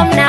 I'm now.